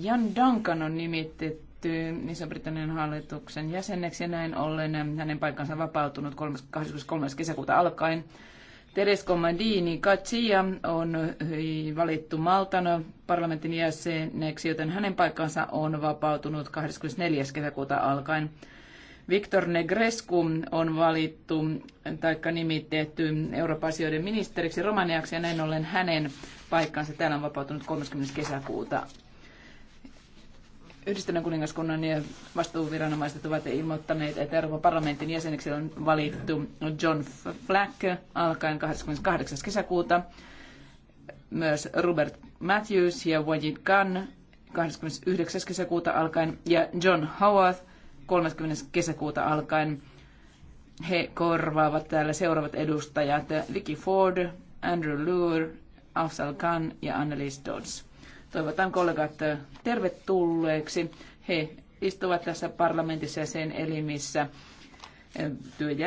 Jan Duncan on nimitetty Iso-Britannian hallituksen jäseneksi ja näin ollen hänen paikkansa vapautunut 23. kesäkuuta alkaen. Teres Comandini Katsia on valittu Maltan parlamentin jäseneksi, joten hänen paikkansa on vapautunut 24. kesäkuuta alkaen. Viktor Negrescu on valittu tai nimitetty Euroopan asioiden ministeriksi Romaniaksi ja näin ollen hänen paikkansa täällä on vapautunut 30. kesäkuuta Yhdistyneen kuningaskunnan ja vastuuviranomaiset ovat ilmoittaneet, että Euroopan parlamentin jäseneksi on valittu John Flack alkaen 28. kesäkuuta. Myös Robert Matthews ja Wajid Khan 29. kesäkuuta alkaen ja John Howarth 30. kesäkuuta alkaen. He korvaavat täällä seuraavat edustajat Vicky Ford, Andrew Lure, Afsal Khan ja Annelies Dodds. Toivotan kollegat tervetulleeksi. He istuvat tässä parlamentissa ja sen elimissä työjärjestelmässä.